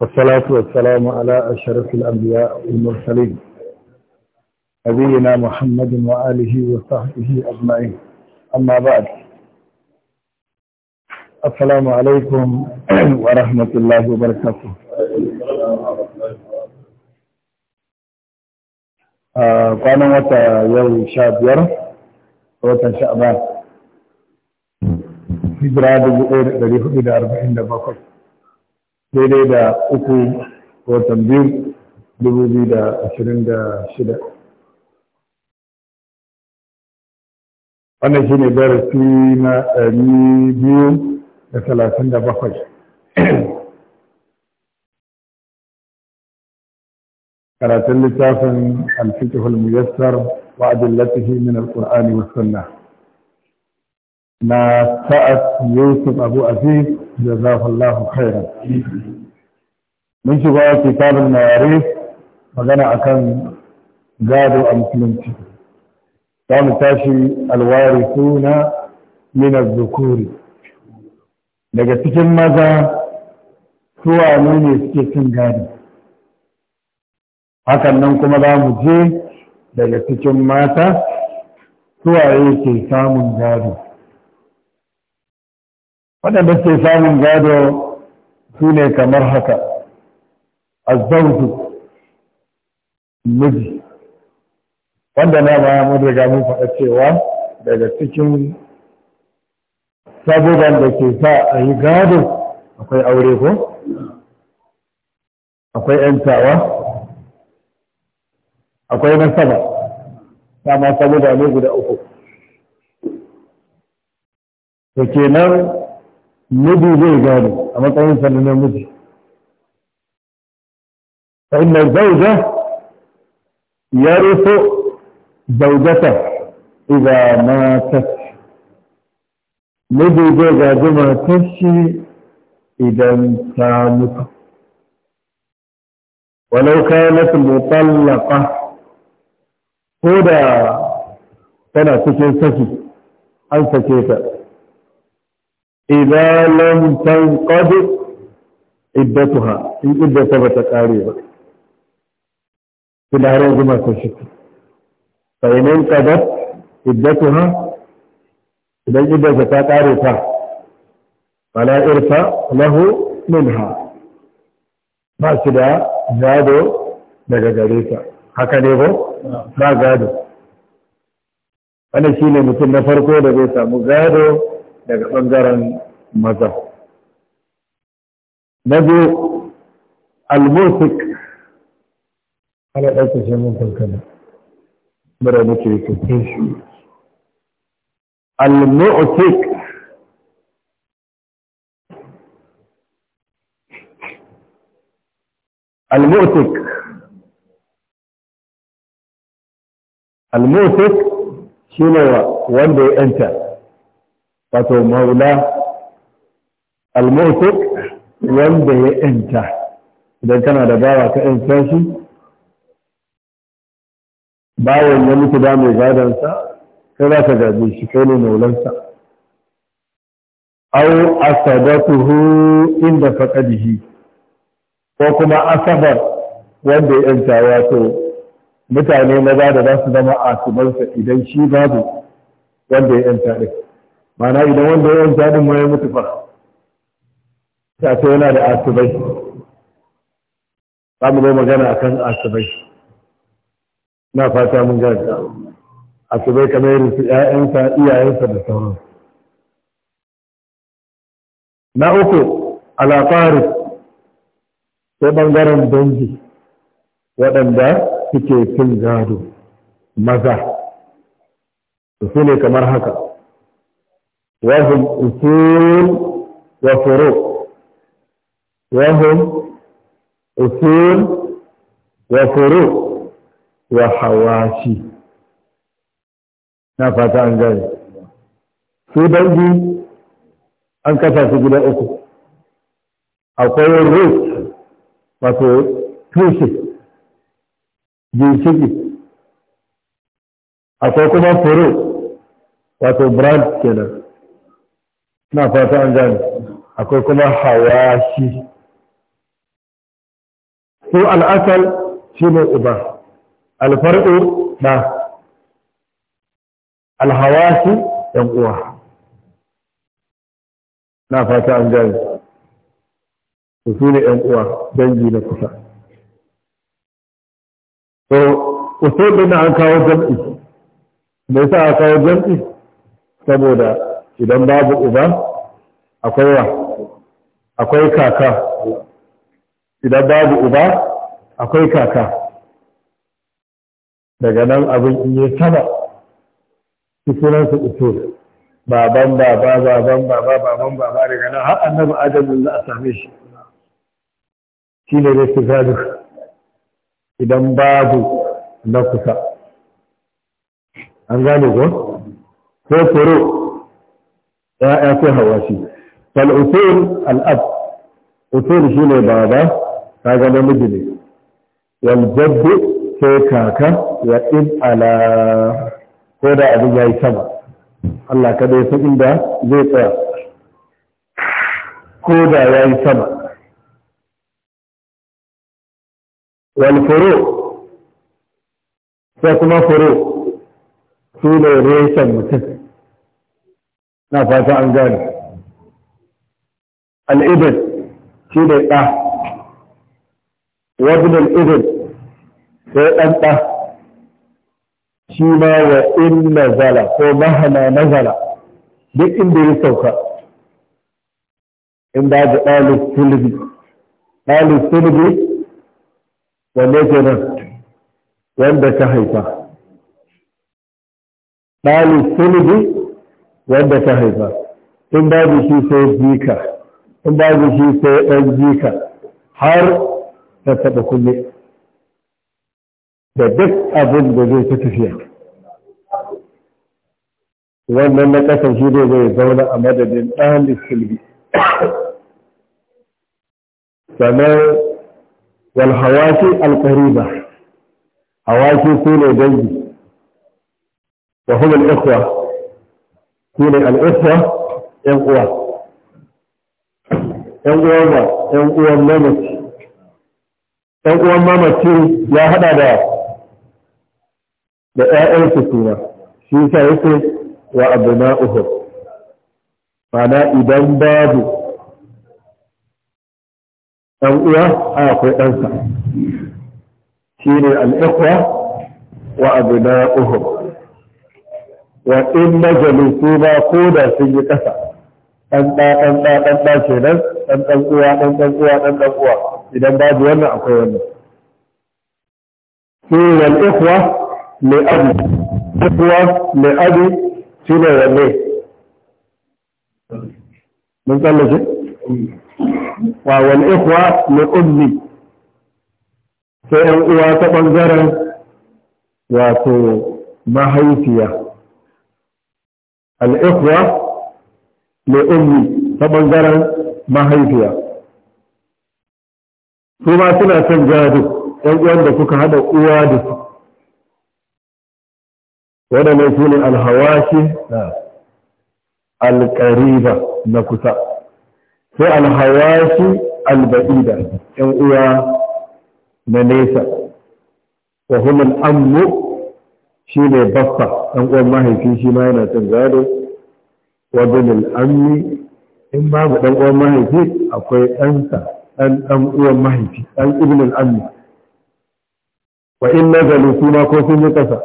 والصلاة والسلام على أشرف الأنبياء والمرسلين نبينا محمد وآله وصحبه أجمعين أما بعد السلام عليكم ورحمة الله وبركاته kwanan wata yau sha biyar watan ba hijira dubu ɗaya da ɗari hudu da arba'in da bakwai daidai da uku watan biyu dubu biyu da ashirin da shida wannan shi ne darasi na ɗari biyu da talatin da bakwai karatun littafin alfikihul muyassar wa adillatihi min alqur'ani was sunna na sa'ad yusuf abu aziz jazakallahu khairan mun shiga kitabul mawarif magana akan gado a musulunci za mu tashi alwari min az-zukuri daga cikin maza suwa ne suke cin gado hakan nan kuma za mu je daga cikin mata suwaye ke samun gado waɗanda ke samun gado su ne kamar haka azzautu miji wanda na ba mun riga mun faɗa cewa daga cikin sabuban da ke sa a yi gado akwai aure ko akwai 'yantawa akwai nasaba samu da ne guda uku to kenan nubi zai gane a matsayin sa na miji fa Ya ya Zaujata zawjata na matat nubi zai gaji matar shi idan ta mutu walau kanat mutallaqa ko da tana cikin saki an sake ta idan tan tanqad iddatuha in iddata bata kare ba filaran kuma ta shi fa ƙadar qadat iddatuha idan iddata ta kare ta fala irfa lahu minha ba shi da jado daga gare ta haka ne ko ba gado wannan ne mutum na farko da zai samu gado daga ɓangaren maza na biyu almusik ana ɗauka shi mun kankana mura nake yi kankan shi almusik almusik al-musik wanda ya yanta wato maula al wanda ya yanta idan kana da bawa ka yanta shi bawan ya mutu da mai gadansa kai za ka gaje shi kai ne maulansa au asabatuhu inda faqadihi ko kuma asabar wanda ya yanta wato mutane maza da za su zama a sumarsa idan shi babu wanda ya yanta ɗin mana idan wanda ya yanta ɗin ma ya mutu fa ta ce yana da asibai Ba mu zai magana a kan asibai na fata mun gaji asibai kamar yin su ‘ya'yansa iyayensa da sauran na uku alaƙari sai ɓangaren dangi waɗanda suke cin gado maza su ne kamar haka wahum usul wa furu wahum usul wa furu wa hawashi na fata an gane su dangi an kasa su gida uku akwai root wato tushe ginshiki akwai kuma furo wato brand kenan na fata an gani akwai kuma hawashi su al'asal shi ne uba alfar'u na alhawashi yan uwa na fata an gani su ne yan uwa dangi na kusa to usul din an kawo jam'i me yasa aka kawo jam'i saboda idan babu uba akwai wa akwai kaka idan babu uba akwai kaka daga nan abin in yi sama su sunansu usul baban baba baban baba baban baba daga nan har annabi adam za a same shi shi ne da su gado idan babu na kusa an gane ko ko ya ya'ya ko shi. fal usul al ab usul shine baba kaga namiji ne wal jaddu ce kaka ya in ala ko da abin yayi sama Allah ka dai san inda zai tsaya ko da yayi sama wal furu sai kuma furu su ne reshen mutum na fata an gane al'ibin shi ne ɗa wajen al'ibin sai ɗan ɗa shi ma wa in ko mahana nazala duk inda ya sauka wanne ke nan wanda ka haifa ɗali sulubi wanda ka haifa in babu shi sai jika in babu shi sai ɗan jika har ta taɓa kulle da duk abin da zai ta tafiya wannan na ƙasa shi ne zai zauna a madadin ɗali sulubi sannan wal hawaki al qariba hawaki ku ne dangi wa hum al ikhwa ku ne al ikhwa yan uwa yan uwan ba yan uwan mamaci yan uwan mamaci ya hada da da ƴaƴansu kuma shi yasa yake wa abna'uhum ma'ana idan babu ɗan uwa a akwai ɗansa shi ne al'ikwa wa abu na uhum wa in majalu su ko da sun yi ƙasa ɗan ɗa ɗan ɗa ɗan ɗa ce nan ɗan ɗan uwa ɗan ɗan uwa ɗan ɗan uwa idan babu wannan akwai wannan shi ne al'ikwa mai abu ikwa mai abu shi ne wanne mun tsallake wal ikhwa min ummi sai yan uwa ta bangaren wato mahaifiya al ikhwa min ummi ta bangaren mahaifiya su ma suna son gado yan uwan da suka haɗa uwa da su waɗannan su ne alhawashi alƙariba na kusa sai alhawashi alba'ida yan uwa na nesa wa humul ammu shi ne baffa ɗan uwan mahaifi shi ma yana cin gado wa binul ammi in babu ɗan uwan mahaifi akwai ɗansa ɗan ɗan uwan mahaifi ɗan ibnul ammi wa in nazalu su ma ko sun yi ƙasa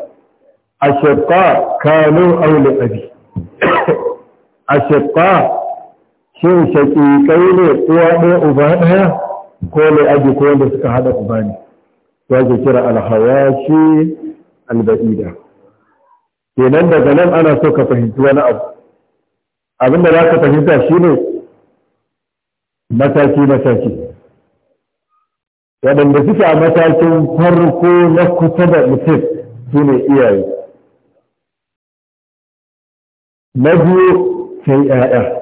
ashqa kanu aula abi ashqa shin kai ne uwa ɗaya uba ɗaya ko ne aji ko wanda suka haɗa uba ne ya ke kira alhawashi alba'ida kenan daga nan ana so ka fahimci wani abu abin da za ka fahimta shi ne mataki-mataki waɗanda suke a matakin farko na kusa da mutum su ne iyaye na biyu sai 'ya'ya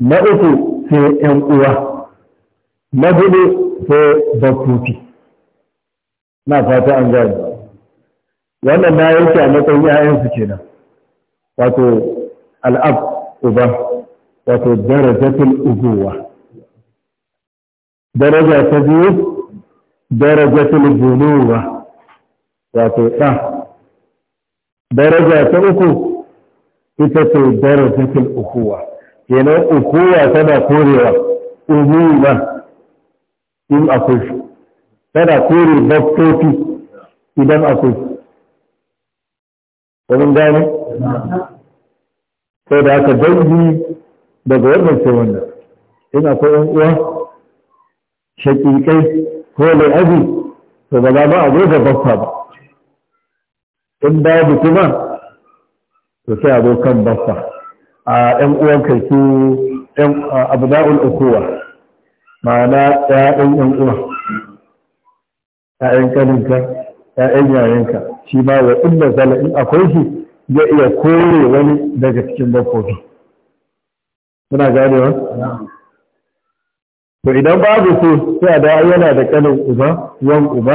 na uku sai ‘yan uwa na hudu sai bakkofi na fata an gani wannan na yake a matsayin ‘ya'yansu kenan wato al'ab uba wato darajatul uguwa daraja ta biyu darajatul bunuwa wato ɗan daraja ta uku ita ce darajatul ukuwa kenan ukuwa tana korewa umuma in akwai shi tana kore baktofi idan akwai shi wani gane? sai da aka dangi daga wannan sai wannan in akwai yan uwa shakikai ko aji, to ba za ma a zo da bakta ba in babu kuma to sai a zo kan bakta a ɗan uwan kai su ɗan abda'ul ukuwa ma'ana ɗayan ɗan uwa ɗayan kaninka ɗayan yayanka shi ma wa zala akwai shi ya iya kore wani daga cikin bakofi suna wa? to idan babu su sai a da yana da ƙanin uba yan uba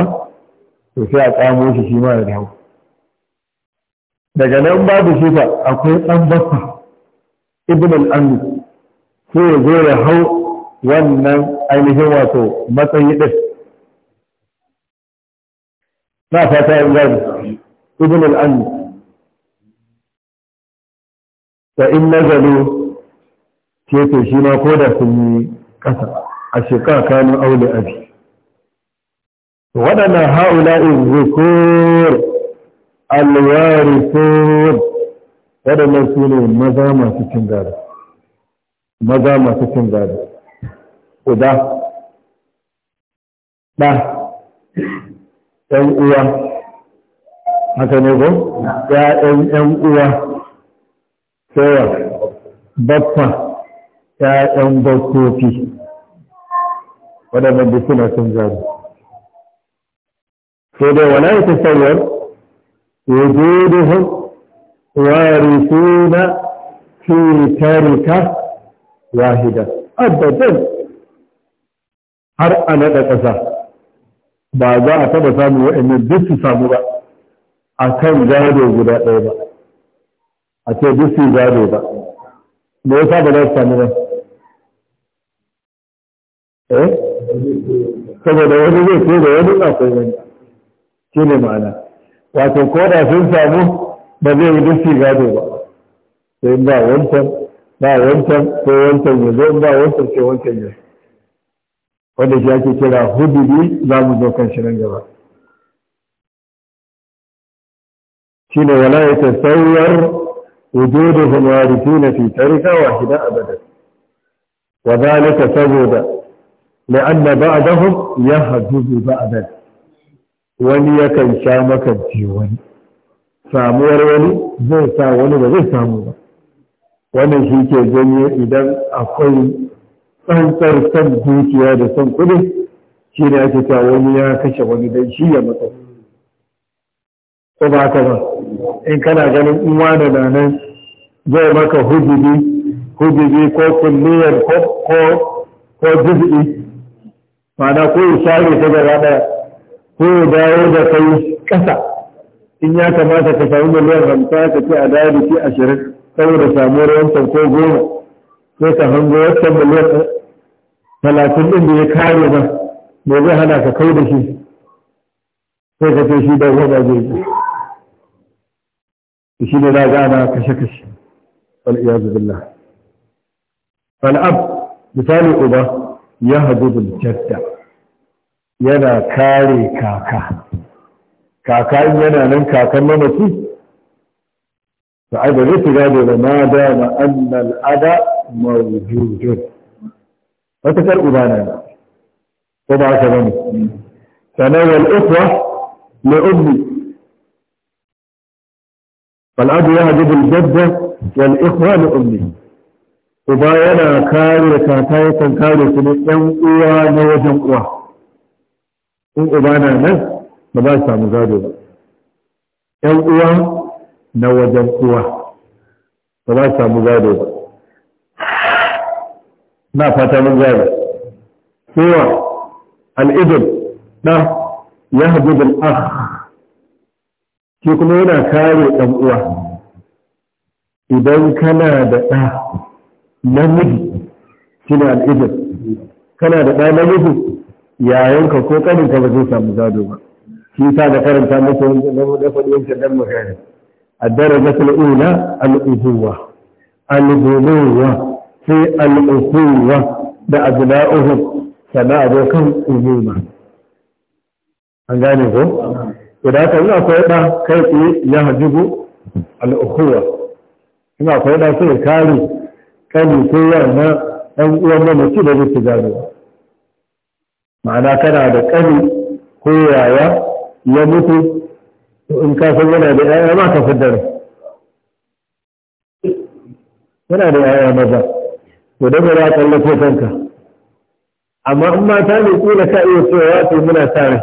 to sai a ƙamo shi shi ma ya dawo daga nan babu shi fa akwai ɗan bakwai. ibn al-anbi sai ya zo ya hau wannan ainihin wato matsayi din na fata yin gani ibn al-anbi ta in nazalu ke shi ma ko da sun yi ƙasa a shekara kanin aure abi waɗannan ha'ula'in zukur alwarisun waɗannan su ne maza masu cin gada maza masu cin gada uba ɗa ɗan uwa haka ne ba ya'yan ƴan uwa tsawa baffa ya'yan bakkofi waɗannan da suna cin gada sai dai wani ya tasawar ya je da warithuna fi tarika wahida abadan har a ƙasa ba za a taɓa samun waɗannan duk su samu ba a kan gado guda ɗaya ba a ce duk su gado ba me yasa ba za su ba eh saboda wani zai ce da wani akwai wani shi ne ma'ana wato ko da sun samu ba zai yi duk gado ba sai ba wancan ba wancan ko wancan ya zo ba wancan sai wancan ya wanda shi ake kira hududi za mu zo kan shi nan gaba shi ne wala ya tasawwar wujuduhum warithina fi tarika wahida abada wa dhalika saboda la'anna ba'dahum yahdudu ba'dan wani yakan sha makanci wani samuwar wani zai sa wani ba zai samu ba wannan shi ke janyo idan akwai tsantsar son dukiya da son kudi shi ne ake cewa wani ya kashe wani don shi ya mata ko ba ba in kana ganin uwa da nanan zai maka hujjibi hudubi ko kulliyar ko ko ko juz'i ma'ana ko ya share ta gaba ɗaya ko dawo da kai ƙasa in ya kamata ka samu miliyan hamsa ka ce a dawo ce ashirin saboda samuwar wancan ko goma sai ka hango wancan miliyan talatin ɗin da ya kare ba me zai hana ka kai da shi sai ka ce shi da ba zai ji shi ne za ga ana kashe-kashe wal'iyazu billah fal'ab misali uba ya hadu jadda yana kare kaka kaka in yana nan kakan mamaci to ai ba zai shiga da ma da ma annal ada mawjudun wata kar uba na ko ba haka bane sanan wal ikhwa li ummi fal abu yahdibu al jadda wal ikhwa li ummi uba yana kare kaka yakan kare su ne ɗan uwa na wajen uwa in uba na nan ba za su samu gado ba ‘yan uwa na wajen uwa ba za su samu gado ba na fata mun gado kowa al'idul na ya da ah ke kuma yana kare ɗan uwa idan kana da ɗa namiji kina al'idul kana da ɗa namiji yayanka ko ƙaninka ba zai samu gado ba shi ta da karanta musu wannan da faɗi yanka dan magana الدرجة الأولى الأبوة الغلوة في الأخوة بأبنائهم سنعرفكم أموما an gane ko? Guda ta ina akwai ɗa kai tsaye ya hajjubu al'ukuwa, ina akwai ɗa sai kari kani ko yana ɗan uwan mamaci da zai gano. Ma'ana kana da kani ko yaya ya mutu in ka san yana da ƴaƴa ma ka fidda rai yana da ƴaƴa maza to da ba za ka tsallake kanka amma in mata ne kila ka iya cewa ce muna sa rai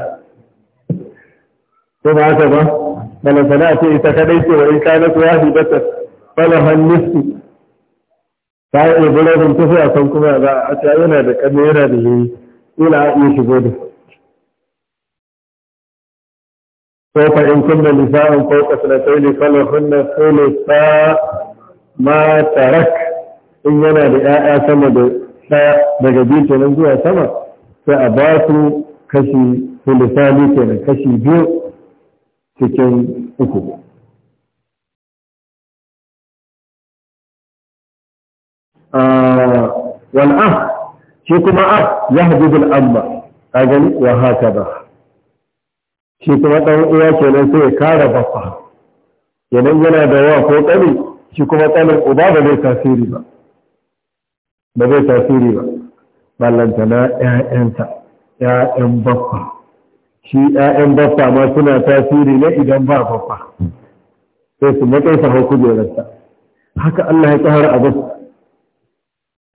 ko ba haka ba bala sana ce ita kadai ce wa in kana ya fi bata bala hannusu ta yi ibrahim tafiya kan kuma za a ce yana da kame yana da yayi ila a iya shigo da فوق إن كن نساء فوق سنتين فلهن ثلثا ما ترك إن ينا لآآ سما daga biyu kenan zuwa sama sai a basu su kashi ثلثاني kenan kashi cikin uku والأخ shi kuma a ya hajjibin amma haka ba shi kuma ɗan uwa kenan sai ya kara baffa kenan yana da yawa ko ƙani shi kuma ƙanin uba ba zai tasiri ba ba zai tasiri ba ballanta na ƴaƴansa ƴaƴan baffa shi ƴaƴan baffa ma suna tasiri ne idan ba baffa sai su matsaisa sa hau kujerarsa haka Allah ya tsara a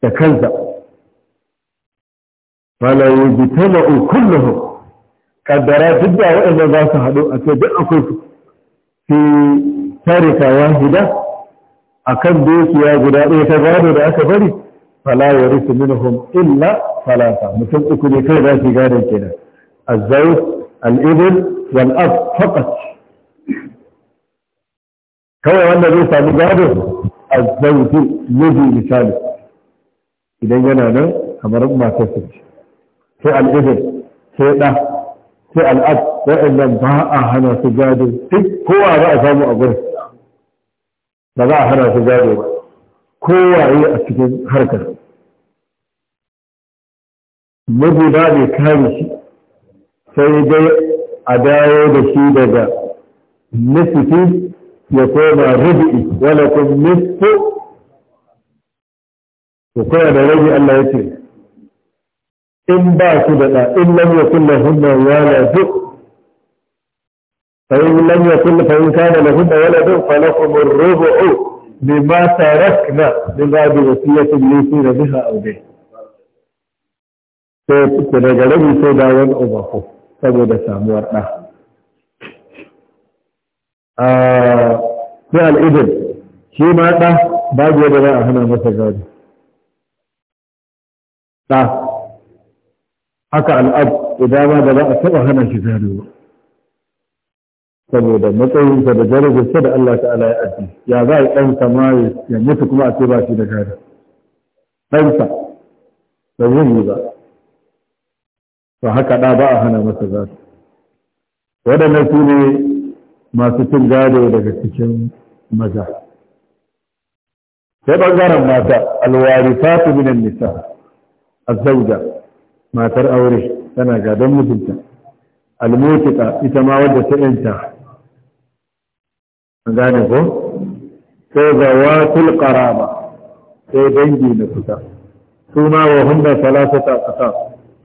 da kansa yi bitama'u kullum kaddara duk da waɗanda za su haɗu a ce duk akwai su fi tarika wahida a kan dukiya guda ɗaya ta gado da aka bari fala ya rufe minhum illa falata mutum uku ne kai za su gado kenan da. al-ibn wal ab faqat kawai wanda zai sami gado azzawj miji misali idan yana nan kamar matar sai al-ibn sai ɗa sai al'ad waɗannan ba a hana su gado duk kowa ba a samu a gurin ba za a hana su gado ba kowa yi a cikin harkar mabuda ne kare shi sai dai a dawo da shi daga nufi ya koma rubu'i wala kun nufi ko da rage Allah ya ce in ba su da ɗa in lam yakun lahunna waladun فإن لم يكن فإن كان لهن ولد فلكم الربع مما تركنا من بعد وصية يوصين بها أو به. daga rabi sai bayan ubaku saboda samuwar ɗa. Sai al'idin shi ma ɗa babu yadda za a hana masa gado. Ɗa haka al'ad da ma da za a taɓa hana shi gado ba saboda matsayinsa da sai da Allah ta'ala ya addi ya za a ɗansa ma ya mutu kuma a ce ba shi da gado ɗansa da zai yi ba to haka ɗa ba a hana masa za su. waɗannan su ne masu cin gado daga cikin maza sai ɓangaren mata alwari fatu minan nisa azzauja matar aure tana gadon mijinta almutika ita ma wadda ta yanta an gane ko sai watul qaraba sai dangi na kusa su ma wa hunna salasata qasa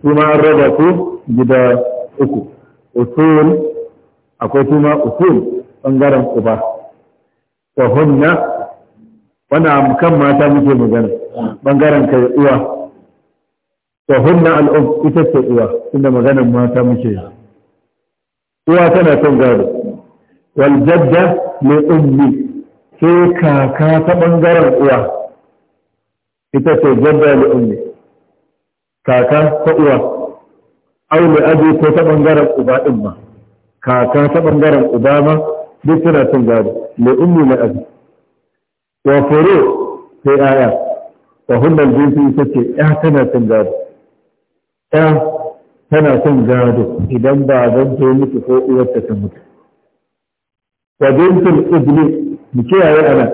su ma an raba su gida uku usul akwai su ma usul bangaren uba wa hunna wannan kan mata muke magana bangaren kai uwa Wa hunna al'ub ita ce uwa inda maganar mata muke yi uwa tana son gado wal jadda mai ummi sai kaka ta bangaren uwa ita ce jadda mai ummi kaka ta uwa au mai aji ko ta bangaren uba din ma kaka ta bangaren uba ma duk tana son gado mai ummi mai aji wa furu sai aya wa hunnan jinsi ita ce ya tana son gado ɗan tana son gado idan ba zan zo miki ko uwarta ta mutu wa bintul ibni mu kiyaye ana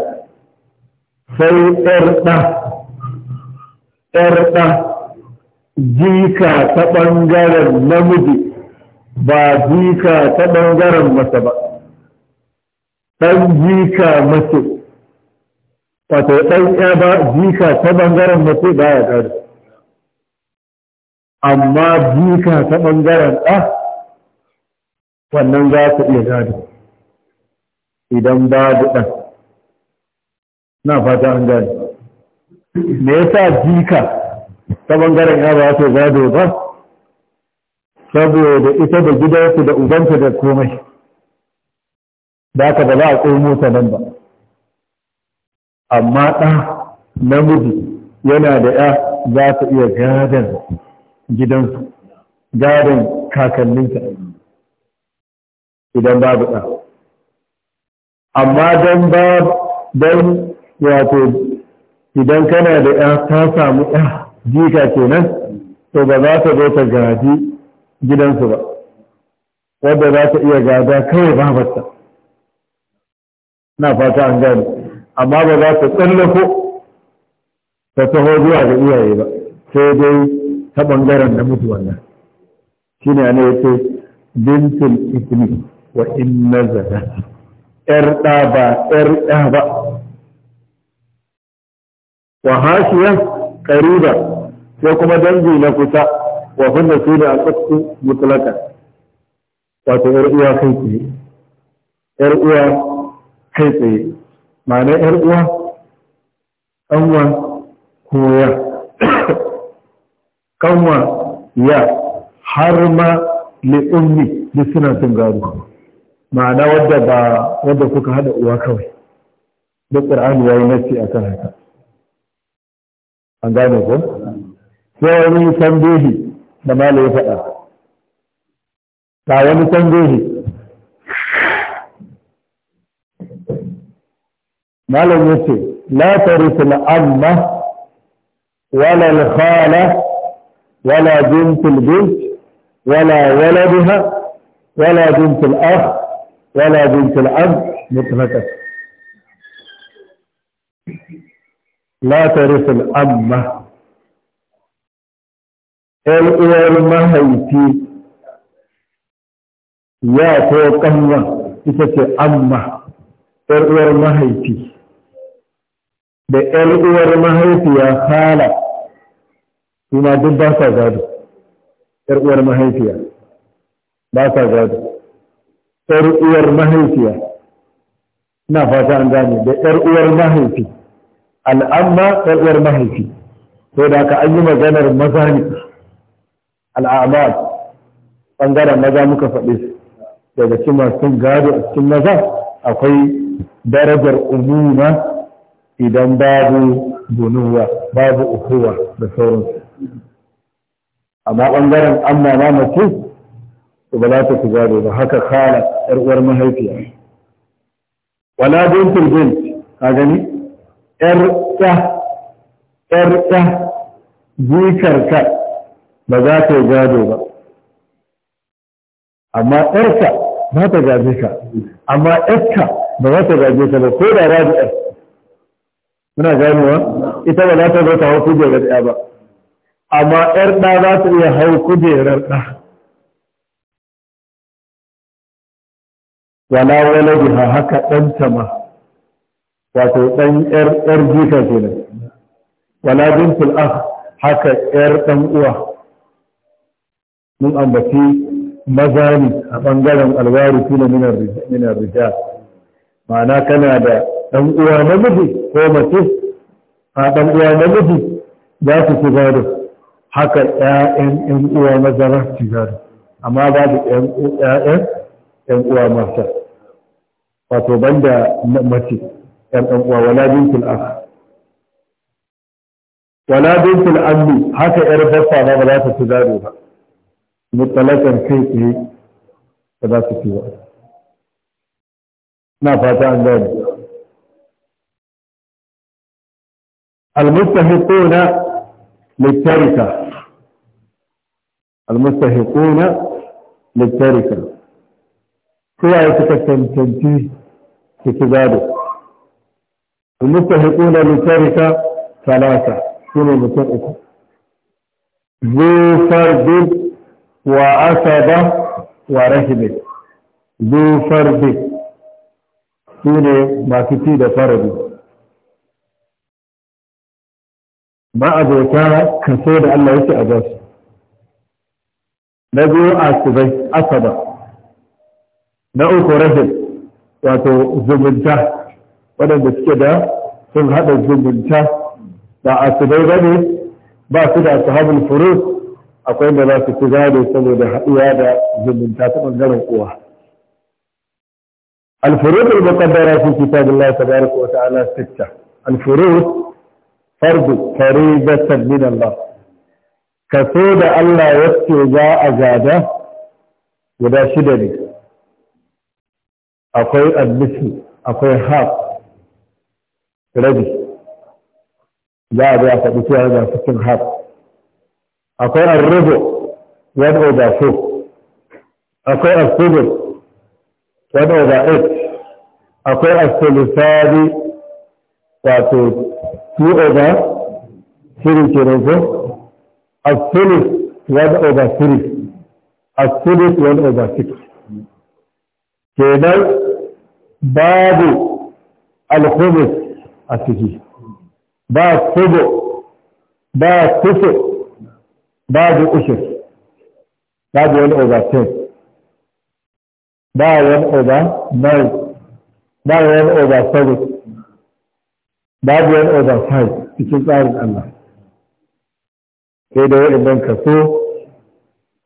sai erda erda jika ta ɓangaren namiji ba jika ta ɓangaren mace ba ɗan jika mace wato ɗan ya ba jika ta ɓangaren mace ba ya gado amma jika ta ɓangaren ɗa wannan za ku iya gado idan babu ɗan na fata an gado me yasa jika ta ɓangaren ya ba ta gado ba saboda ita da gidansu da ubanta da komai da ka ba za a komo ta nan ba amma ɗa namiji yana da ya za ta iya gadon gidansu gadon kakanninsa idan babu ɗa amma don ba don wato idan kana da ɗa ta samu ɗa jika kenan to ba za ta zo ta gaji gidansu ba wadda za ta iya gada kawai babarta na fata an gani amma ba za ta tsallako ta taho zuwa ga iyaye ba sai dai ta bangaren mutuwa wannan shi ne yake bintul ismi wa in nazara ƴar ɗa ba ƴar ɗa ba wa hashiya qariba sai kuma dangi na kusa wa hunna ne a qasdu mutlaqan wato ƴar uwa kai tsaye Ƴar uwa kai tsaye ma'ana ƴar uwa wa koya kanwa ya har ma li'ummi duk suna sun gado ma'ana wadda ba wadda kuka hada uwa kawai duk ƙur'ani ya yi nasi a kan haka an gane ko sai wani sandohi da mala ya faɗa ga wani sandohi malam ya ce la tarisu la'amma wala al-khala ولا بنت البنت ولا ولدها ولا بنت الأخ ولا بنت الأب متمتة لا ترث الأمة الأمة هي في يا توقعنا إذا أمة هيتي هي ال الأمة ما هيتي يا خالق su ma duk ba sa gado ‘yar uwar mahaifiya ba sa gado ‘yar uwar mahaifiya ina fata an gane da ‘yar uwar mahaifi al'amma ‘yar uwar mahaifi to da ka an yi maganar maza ne al'amad ɓangaren maza muka faɗi daga cikin masu gado a cikin maza akwai darajar umuna idan babu bunuwa babu ukuwa da sauransu amma ɓangaren amma ma mace to ba za ta ci gado ba haka kala yar uwar mahaifiya wala bintul bint ka gani yar ta yar ba za ta yi gado ba amma yar ba ta gaje ka amma yar ba za ta gaje ka ba ko da rabi'ar muna ganewa ita ba za ta zo ta hau kujerar ya ba amma ‘yar ɗa za ta iya hau kujerar ɗa wala wala ha haka ɗanta ma wato ɗan ‘yar jika kenan wala bintul ah haka ‘yar ɗan uwa mun ambaci maza ne a ɓangaren alwari tuna minar rija ma'ana kana da ɗan uwa namiji ko mace a ɗan uwa namiji za su fi gado haka ƴaƴan ƴan uwa maza za su ci gado amma babu ƴaƴan ƴan uwa mata wato banda mace ƴan ɗan uwa wala bintul akh wala bintul ammi haka ƴar baffa ma ba za ta ci gado ba mutalakar kai tsaye ba za su ci ba na fata an gane المستحقون للتركة المستحقون للتركة سواء في تتبادل المستحقون للتركة ثلاثة سنة المتركة ذو فرد وعصبة ورحمة ذو فرد سنة ما كتير فرد ma'abota kaso da Allah yake a basu na biyu a subai asaba na uku rahim wato zumunta waɗanda suke da sun haɗa zumunta ba a subai ba ne ba su da ashabul furu akwai da za su fi gado saboda haɗuwa da zumunta ta ɓangaren uwa الفروض المقدرة في كتاب الله تبارك وتعالى ستة الفروض fardu faridatan min Allah kaso da Allah yake za a gada guda shida ne akwai admission akwai half rabi za a biya faɗi cewa ga cikin half akwai arrubo one over four akwai asibir one over eight akwai asilisari wato 2 over 3 kenan ko as-sulus over 3 as-sulus over 6 kenan babu al a ciki ba kubo ba kufu babu ushur babu 1 over 10 ba 1 over 9 ba 1 over 7 babu wani oversight cikin tsarin Allah sai da waɗannan kaso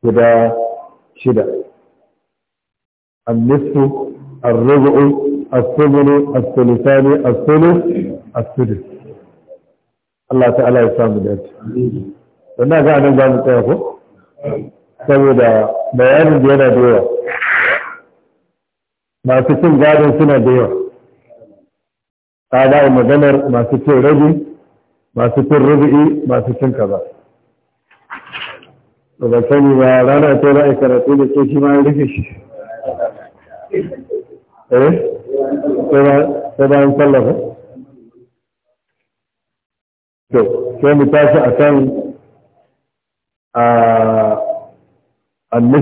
guda shida annisu arrubu'u الثمن الثلثان asulu asudu Allah ta'ala ya samu da shi. Wannan ga nan za mu tsaya ko? Saboda bayanin da yana da yawa. Masu cin gadon suna da yawa. ta ba maganar masu cin rabi masu cin rubu'i masu cin kaza da ba sani ba rana ta ra'ayi karatu da ke shi ma ya rufe shi eh ta bayan tallafa to sai mu tashi a kan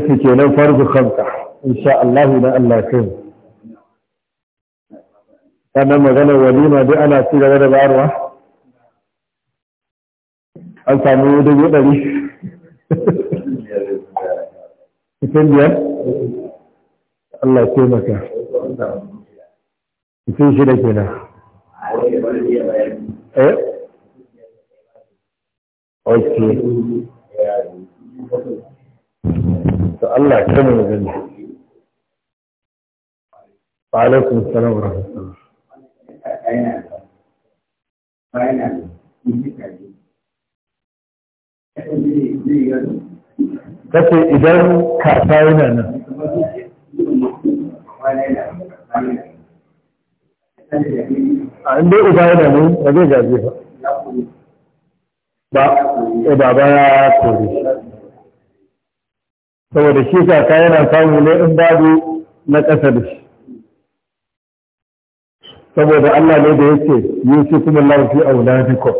ke nan farzu kanta insha Allah na Allah kai sannan maganar walima duk ana ci gaba da bayarwa an samu dubu ɗari cikin biyar Allah ce maka cikin shida kenan eh ok to Allah ce mu gani wa alaikum salam wa rahmatullah yana da ba da ce idan kasa yana nan a inda uba yana nan ba zai gaje ba ba eh, ba ba ya kori. saboda shi kaka yana samu ne in babu na ƙasa da shi saboda Allah ne da yake kuma Allah fi auladikum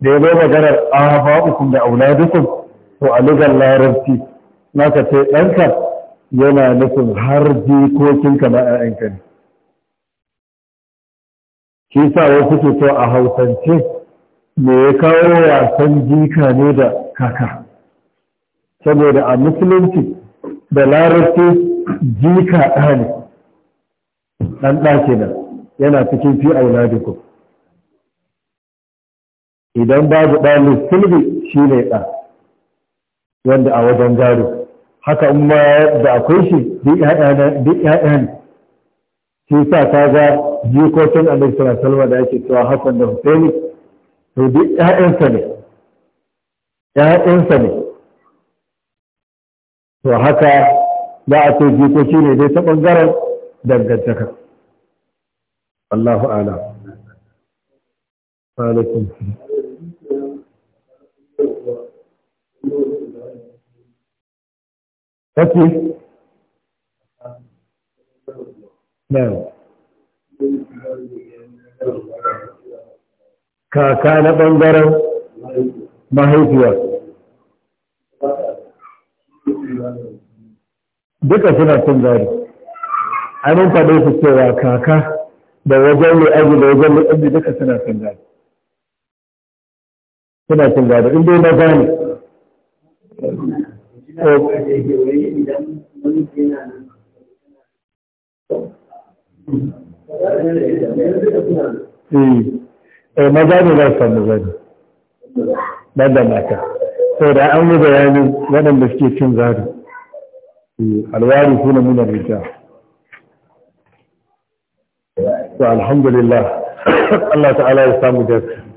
da ya bai maganar aba'ukum da auladikum to a lugar larabci naka ce ɗanka yana nufin har jikokinka na ƴaƴanka ne shi sa wasu ke to a hausance me ya kawo wasan jika ne da kaka saboda a musulunci da larabci jika ɗa ne ɗan ɗaki yana cikin fi auladikum idan babu dalil silbi shi ne wanda a wajen gado haka in ma da akwai shi duk ‘ya'yan shi sa ta ga jikokin annabi sallallahu da yake cewa Hassan da Husaini to duk ‘ya'yansa ne ‘ya'yansa ne to haka za a ce jikoki ne dai ta bangaren dangantaka Allahu ala kaka na ɓangaren mahaifiyar duka suna cin gari an faɗe su cewa kaka da wajen mai aji da wajen mai aji duka suna cin gado suna cin gado in dai na gane Eh maza ne za su samu gado ba da mata sau da an yi bayanin waɗanda suke cin gado alwari suna nuna rita والحمد لله الله تعالى يسامو جزاك